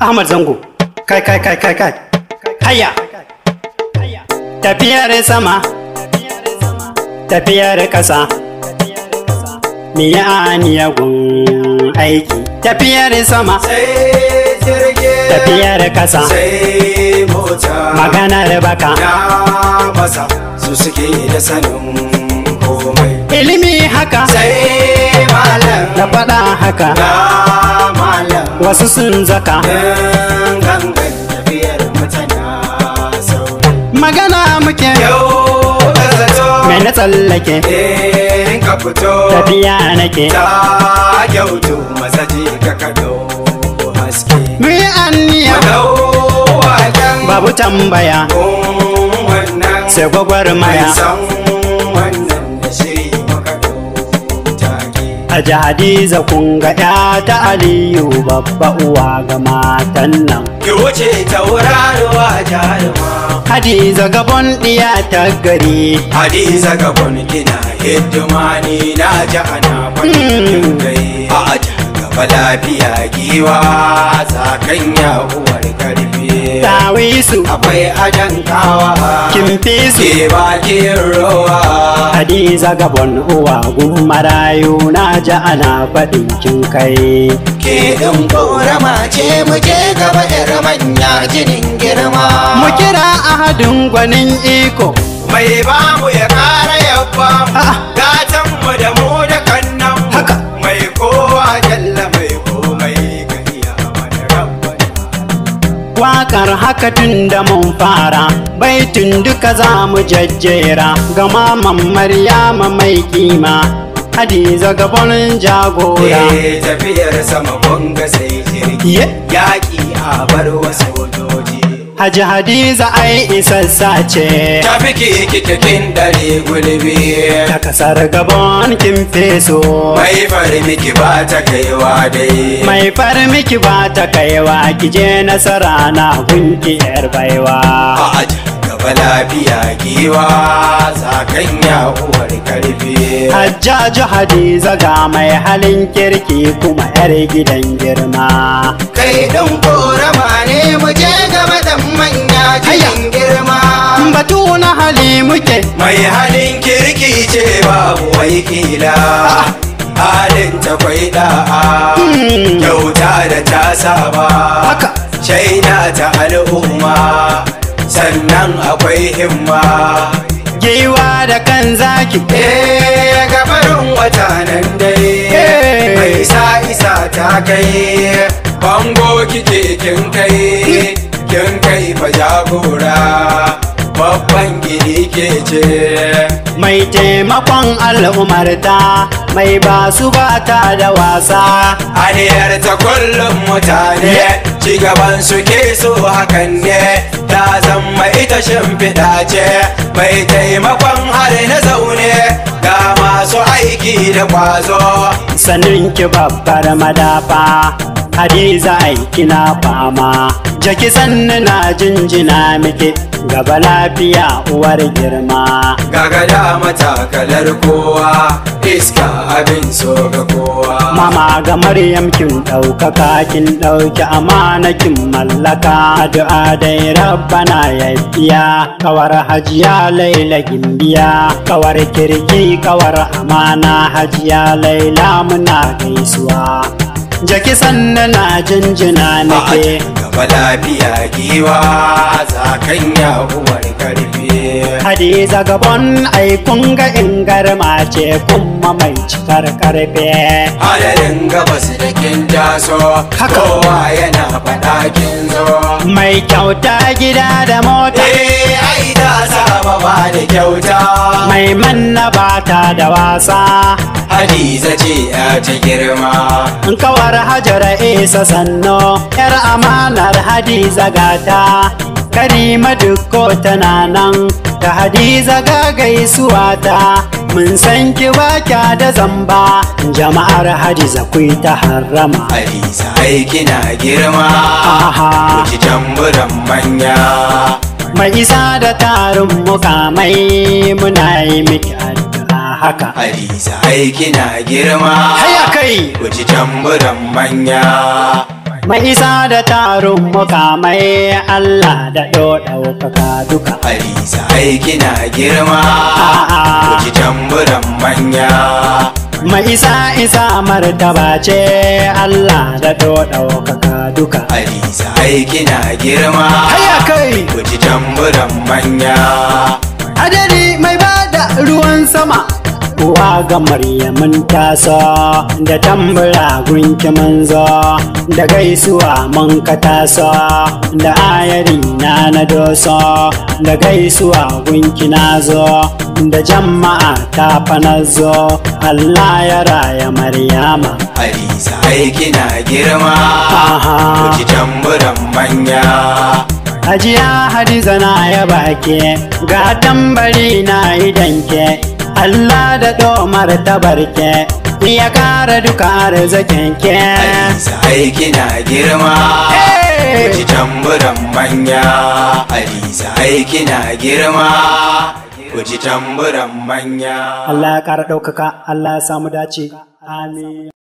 Ahmad Zango, kai kai kai kai kai, haya, tafiyar sama, tafiyar ƙasa, miya niyagun aiki, tafiyar sama, tafiyar ƙasa, maganar baka, su suke da sanin komai. Ilimi haka, sai malam, da faɗa haka. wasu sun zaka magana muke yau zato mai na tsallake in eh, ka fito tafiya nake ta gyautu masaji ka kado haske mai anniya babu tambaya sai gwagwar gwagwarmaya a Hadiza kun ga ya ta Aliyu babba uwa ga matan nan. Ki wuce a jaruma. Hadiza gabon ɗiya ta gari. Hadiza gabon dina hidima ni na ji ana faɗin hmm. gai. A aji gaba lafiya giwa zakan yahuwar uwar karfi. tawisu akwai ajan kawa kimfisu ke bakin hadiza gabon uwa gumarayu marayu na ji ana faɗin kin kai ke ce mu gaba yar manya jinin girma mu kira ahadin gwanin iko mai mu ya ƙara yabba ah. gatan mu da mu haka tun da mun fara baitin duka za mu jajjera ga marya ma mai kima hadiza gabon jagora eh tafiyar sama bonga sai jirgi yaƙi a bar wasu Haji Hadiza ai isassa ce. Ta fiki kitakin dare gulbi. Ta kasar gabon kin feso. Mai farmiki ba ta kaiwa dai. Mai farmiki ba ta kaiwa kije nasara na gunki yar baiwa. tafi lafiya giwa zakanya karfi karfe hajjaji hadiza ga mai halin kirki kuma yar gidan girma kai ɗin korama ne mu je gaba da manya cikin girma batu na hali muke mai halin kirki ce babu wai kila ah. halin ta kwai da'a hmm. kyauta da ta saba shaida ta al'umma sannan akwai himma giwa da kan zaki eh gabarin wata nan dai eh. mai isa isa ta kai bango kike kin kai kin kai fa jagora babban gini ke ce mai taimakon al'umarta mai ba su ba ta da wasa aniyar ta kullum mutane eh. cigaban su ke so hakan ne ta zama ita shimfiɗa ce mai taimakon har na zaune ga masu aiki da kwazo sanin ki babbar madafa hadiza aiki na fama jaki sannu na jinjina miki gaba lafiya uwar girma gagada matakalar kowa iska abin so ga kowa mama ga maryam kin ɗaukaka kin ɗauki amana kin mallaka addu'a dai rabbana ya biya kawar hajiya laila gimbiya kawar kirki kawar amana hajiya laila muna gaisuwa jaki sannan na jinjina nake gaba lafiya giwa zakan ya umar karfe hadiza gaban aikun ga ingar ce kuma mai cikar karfe gaba gabas ya kowa yana faɗa kin zo mai kyauta gida da mota eh ai da saba ba da kyauta mai manna ba da wasa Hadiza ce ya ta girma. Kawar Hajara Isa Sanno, 'yar amanar Hadiza gata, Karima duk ko tana nan, ta Hadiza gagai suwata. mun san ki ba kya da zamba jama'ar hadiza ku ta harrama hadiza ai kina girma aha ki jamburan manya mai isa da tarin mukamai muna yi miki haka hadiza ai kina girma haya kai ku ci tamburan manya Mai isa da tarin mai, Allah da yo ɗaukaka duka. Alisa aiki na girma, kuji tamburan manya. Mai isa isa martaba ce Allah da yo ɗaukaka duka. Alisa aiki na girma, haya kai kuji tamburan manya. Adari mai bada ruwan sama. kuwa ga maryamin tasa da tambura gunki manzo da gaisuwa mun ka tasa da ayari na na doso da gaisuwa gunki nazo da jama'a ta fanazo Allah ya raya maryama Hadiza ai kina girma aha ki tamburan manya Hajiya Hadiza na ya bake ga tambari na idanke Allah da domar tabarke ya kara duka arzikin ke aiki na girma ji tamburan manya alisa aiki na girma Kuji tamburan manya Allah ya ƙara ɗaukaka, Allah ya samu dace. Amin.